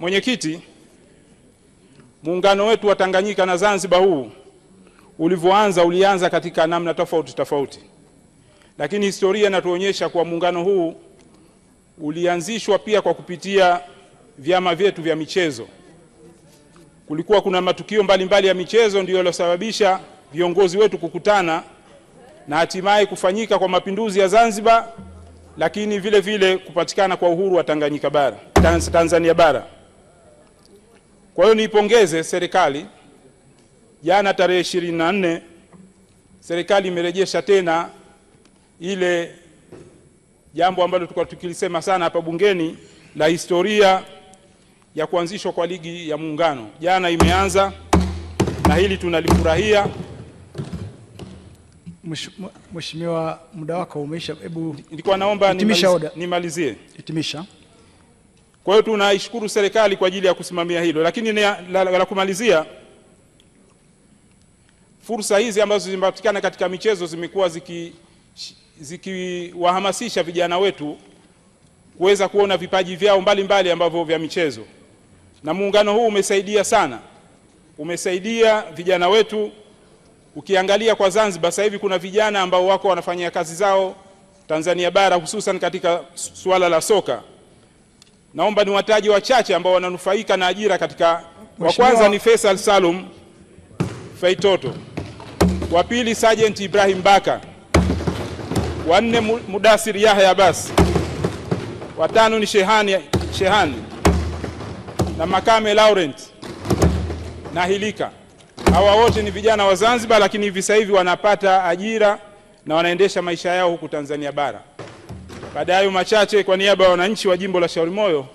Mwenyekiti, muungano wetu wa Tanganyika na Zanzibar huu ulivyoanza ulianza katika namna tofauti tofauti, lakini historia inatuonyesha kuwa muungano huu ulianzishwa pia kwa kupitia vyama vyetu vya michezo. Kulikuwa kuna matukio mbalimbali mbali ya michezo ndiyo yalosababisha viongozi wetu kukutana na hatimaye kufanyika kwa mapinduzi ya Zanzibar, lakini vile vile kupatikana kwa uhuru wa Tanganyika bara, Tanzania bara. Kwa hiyo niipongeze serikali. Jana tarehe ishirini na nne serikali imerejesha tena ile jambo ambalo tulikuwa tukilisema sana hapa bungeni la historia ya kuanzishwa kwa ligi ya Muungano. Jana imeanza na hili tunalifurahia. Mheshimiwa, muda wako umeisha. Hebu nilikuwa naomba nimalizie, hitimisha. Kwa hiyo tunaishukuru serikali kwa ajili ya kusimamia hilo, lakini la, la, la kumalizia, fursa hizi ambazo zimepatikana katika michezo zimekuwa zikiwahamasisha ziki vijana wetu kuweza kuona vipaji vyao mbalimbali ambavyo vya michezo, na muungano huu umesaidia sana, umesaidia vijana wetu. Ukiangalia kwa Zanzibar sasa hivi kuna vijana ambao wako wanafanyia kazi zao Tanzania bara, hususan katika suala la soka. Naomba ni wataji wachache ambao wananufaika na ajira katika, wa kwanza ni Faisal Salum Feitoto, wa pili Sergeant Ibrahim Baka, wa nne Mudasir Yahya Abbas, wa tano ni Shehani, Shehani na Makame Laurent na Hilika. Hawa wote ni vijana wa Zanzibar, lakini hivi sasa hivi wanapata ajira na wanaendesha maisha yao huku Tanzania bara. Baada ya hayo machache, kwa niaba ya wananchi wa jimbo la Shauri Moyo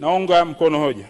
naunga mkono hoja.